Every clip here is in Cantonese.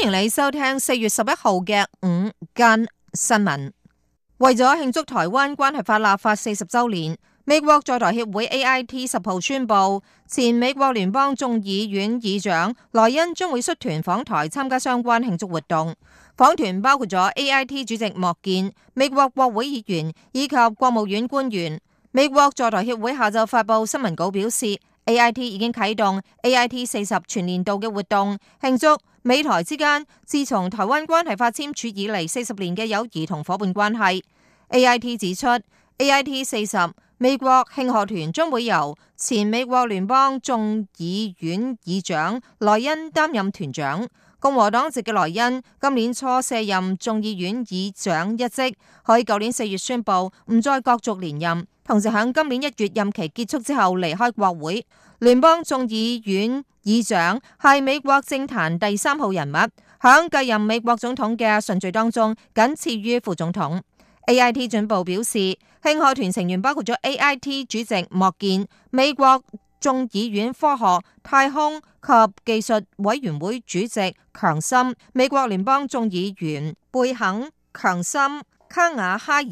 歡迎你收聽四月十一號嘅午間新聞。為咗慶祝台灣關係法立法四十周年，美國在台協會 A I T 十號宣布，前美國聯邦眾議院議長萊恩將會率團訪台參加相關慶祝活動。訪團包括咗 A I T 主席莫健、美國國會議員以及國務院官員。美國在台協會下晝發布新聞稿表示。AIT 已經啟動 AIT 四十全年度嘅活動，慶祝美台之間自從台灣關係法簽署以嚟四十年嘅友誼同夥伴關係。AIT 指出，AIT 四十美國慶賀團將會由前美國聯邦眾議院議長萊恩擔任團長。共和黨籍嘅萊恩今年初卸任眾議院議長一職，佢舊年四月宣布唔再角逐連任，同時響今年一月任期結束之後離開國會。聯邦眾議院議長係美國政壇第三號人物，響繼任美國總統嘅順序當中僅次於副總統。A I T 進步表示，慶賀團成員包括咗 A I T 主席莫健、美國。眾議院科學、太空及技術委員會主席強森，美國聯邦眾議員貝肯、強森、卡瓦哈爾。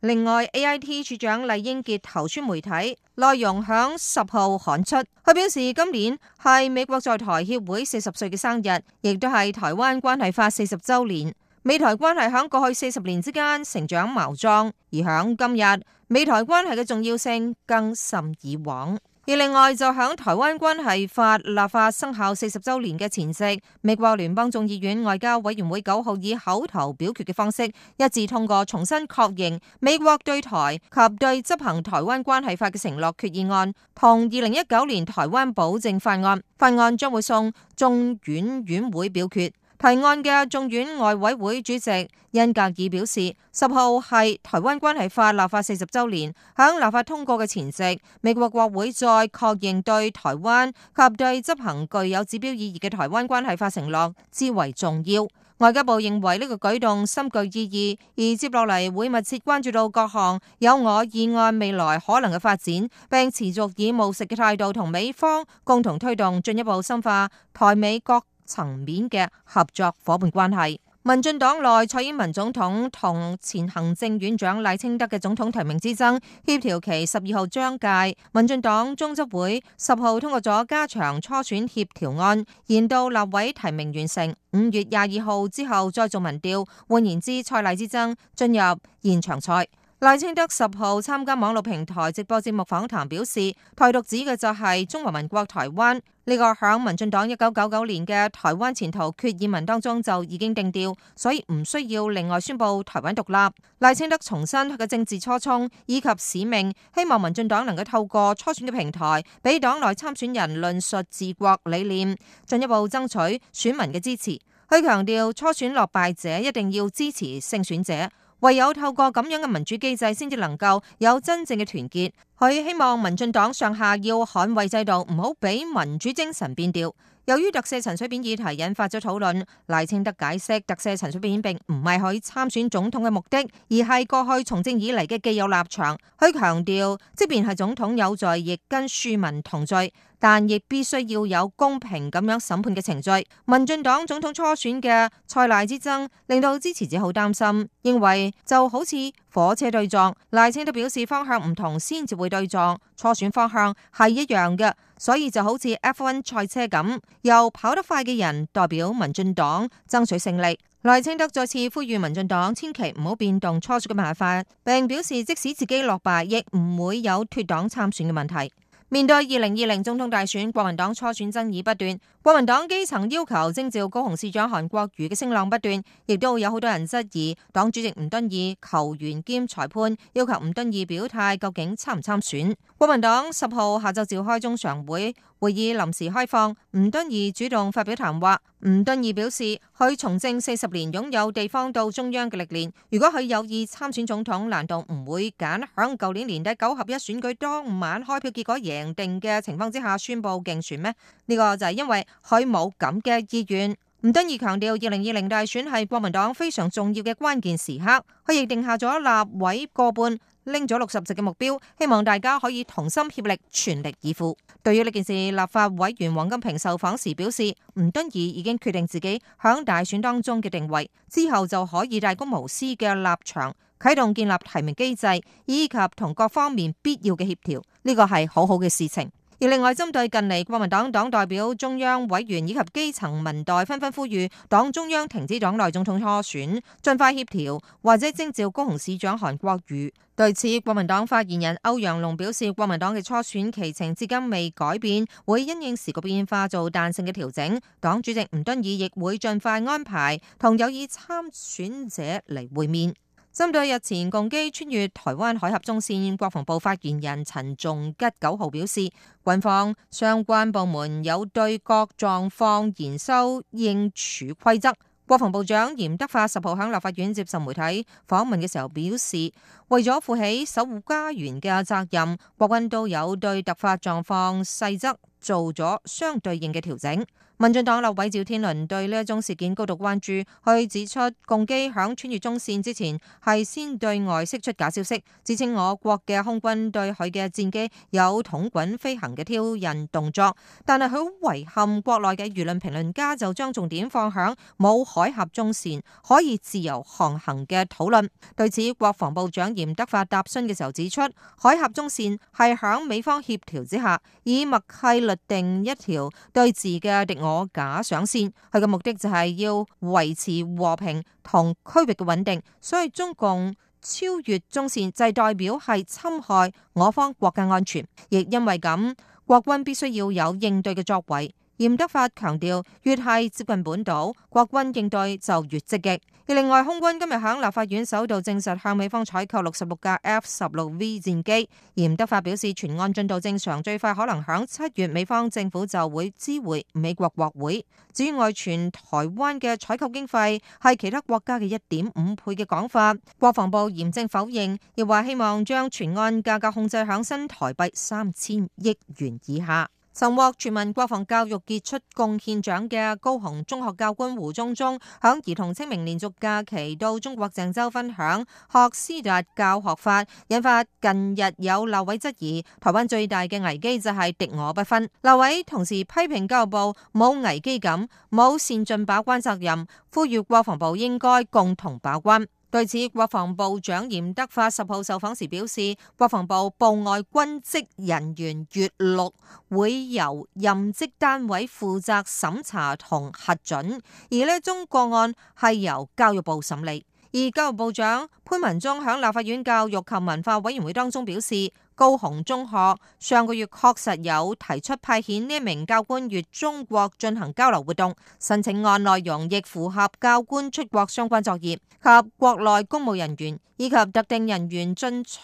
另外，A.I.T. 處長酈英傑投書媒體，內容響十號刊出。佢表示，今年係美國在台協會四十歲嘅生日，亦都係台灣關係法四十週年。美台關係響過去四十年之間成長茂壯，而響今日，美台關係嘅重要性更甚以往。而另外，就響台灣關係法立法生效四十周年嘅前夕，美國聯邦眾議院外交委員會九號以口頭表決嘅方式一致通過，重新確認美國對台及對執行台灣關係法嘅承諾決議案，同二零一九年台灣保證法案，法案將會送眾院院會表決。提案嘅眾院外委會主席恩格爾表示，十號係台灣關係法立法四十週年，響立法通過嘅前夕，美國國會再確認對台灣及對執行具有指標意義嘅台灣關係法承諾至為重要。外交部認為呢個舉動深具意義，而接落嚟會密切關注到各項有我議案未來可能嘅發展，並持續以務實嘅態度同美方共同推動進一步深化台美國層面嘅合作夥伴關係。民進黨內蔡英文總統同前行政院長賴清德嘅總統提名之爭協調期十二號將屆，民進黨中執會十號通過咗加長初選協調案，延到立委提名完成五月廿二號之後再做民調。換言之，蔡賴之爭進入延長賽。賴清德十號參加網絡平台直播節目訪談，表示台獨指嘅就係中華民國台灣，呢個響民進黨一九九九年嘅台灣前途決議文當中就已經定調，所以唔需要另外宣布台灣獨立。賴清德重申佢嘅政治初衷以及使命，希望民進黨能夠透過初選嘅平台，俾黨內參選人論述治國理念，進一步爭取選民嘅支持。佢強調初選落敗者一定要支持勝選者。唯有透過咁樣嘅民主機制，先至能夠有真正嘅團結。佢希望民進黨上下要捍衛制度，唔好俾民主精神變調。由於特赦陳水扁議題引發咗討論，賴清德解釋特赦陳水扁并唔係佢參選總統嘅目的，而係過去從政以來嘅既有立場。佢強調，即便係總統有罪，亦跟庶民同罪。但亦必須要有公平咁樣審判嘅程序。民進黨總統初選嘅蔡賴之爭，令到支持者好擔心，認為就好似火車對撞。賴清德表示方向唔同先至會對撞，初選方向係一樣嘅，所以就好似 F1 賽車咁，由跑得快嘅人代表民進黨爭取勝利。賴清德再次呼籲民進黨千祈唔好變動初選嘅辦法，並表示即使自己落敗，亦唔會有脫黨參選嘅問題。面對二零二零總統大選，國民黨初選爭議不斷，國民黨基層要求徵召高雄市長韓國瑜嘅聲浪不斷，亦都有好多人質疑黨主席吳敦義球員兼裁判，要求吳敦義表態究竟參唔參選。國民黨十號下晝召開中常會。會議臨時開放，吳敦義主動發表談話。吳敦義表示，佢從政四十年，擁有地方到中央嘅歷練。如果佢有意參選總統，難道唔會揀響舊年年底九合一選舉當晚開票結果贏定嘅情況之下宣布競選咩？呢個就係因為佢冇咁嘅意願。吳敦義強調，二零二零大選係國民黨非常重要嘅關鍵時刻，佢亦定下咗立委過半、拎咗六十席嘅目標，希望大家可以同心協力、全力以赴。對於呢件事，立法委員王金平受訪時表示，吳敦義已經決定自己響大選當中嘅定位，之後就可以大公無私嘅立場，啟動建立提名機制，以及同各方面必要嘅協調，呢個係好好嘅事情。而另外，針對近嚟國民黨黨代表、中央委員以及基層民代，紛紛呼籲黨中央停止黨內總統初選，盡快協調，或者徵召高雄市長韓國瑜。對此，國民黨發言人歐陽龍表示，國民黨嘅初選期程至今未改變，會因應時局變化做彈性嘅調整。黨主席吳敦義亦會盡快安排同有意參選者嚟會面。針對日前共機穿越台灣海峽中線，國防部發言人陳仲吉九號表示，軍方相關部門有對各狀況研修應處規則。國防部長嚴德發十號喺立法院接受媒體訪問嘅時候表示，為咗負起守護家園嘅責任，國軍都有對突發狀況細則做咗相對應嘅調整。民進黨立委趙天麟對呢一宗事件高度關注，佢指出共機響穿越中線之前係先對外釋出假消息，指稱我國嘅空軍對佢嘅戰機有桶滾飛行嘅挑釁動作，但係佢好遺憾國內嘅輿論評論家就將重點放響冇海峽中線可以自由航行嘅討論。對此，國防部長嚴德發答詢嘅時候指出，海峽中線係響美方協調之下，以默契律定一條對峙嘅敵我我假想線，佢嘅目的就係要維持和平同區域嘅穩定，所以中共超越中線，就係代表係侵害我方國家安全，亦因為咁，國軍必須要有應對嘅作為。嚴德發強調，越係接近本島，國軍應對就越積極。而另外，空軍今日響立法院首度證實向美方採購六十六架 F 十六 V 戰機。嚴德發表示，全案進度正常，最快可能響七月，美方政府就會支會美國國會。至於外傳台灣嘅採購經費係其他國家嘅一點五倍嘅講法，國防部嚴正否認，亦話希望將全案價格控制響新台幣三千億元以下。尋獲全民國防教育傑出貢獻獎嘅高雄中學教官胡宗宗，響兒童清明連續假期到中國鄭州分享學思達教學法，引發近日有立委質疑。台灣最大嘅危機就係敵我不分。立委同時批評教育部冇危機感，冇善盡把關責任，呼籲國防部應該共同把關。對此，國防部長嚴德發十號受訪時表示，國防部部外軍職人員月錄會由任職單位負責審查同核准，而呢宗個案係由教育部審理。而教育部長潘文忠喺立法院教育及文化委員會當中表示。高雄中學上個月確實有提出派遣呢一名教官越中國進行交流活動，申請案內容亦符合教官出國相關作業及國內公務人員以及特定人員進出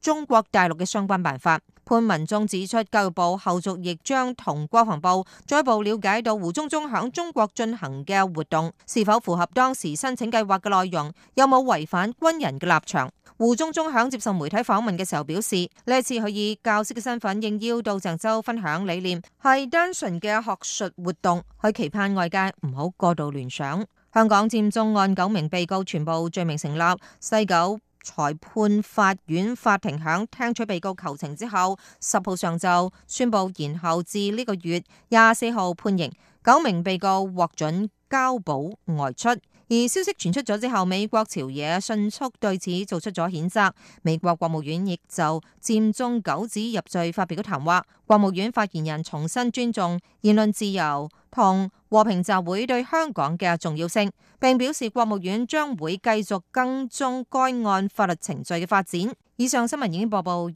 中國大陸嘅相關辦法。潘文忠指出，教育部後續亦將同國防部進一步了解到胡宗宗響中國進行嘅活動是否符合當時申請計劃嘅內容，有冇違反軍人嘅立場。胡宗中響接受媒體訪問嘅時候表示，呢一次佢以教師嘅身份應邀到鄭州分享理念，係單純嘅學術活動，佢期盼外界唔好過度聯想。香港佔中案九名被告全部罪名成立，西九裁判法院法庭響聽取被告求情之後，十號上晝宣布延後至呢個月廿四號判刑，九名被告獲准交保外出。而消息傳出咗之後，美國朝野迅速對此做出咗譴責，美國國務院亦就佔中九子入罪發表咗談話，國務院發言人重新尊重言論自由同和，和平集會對香港嘅重要性，並表示國務院將會繼續跟蹤該案法律程序嘅發展。以上新聞已經播報。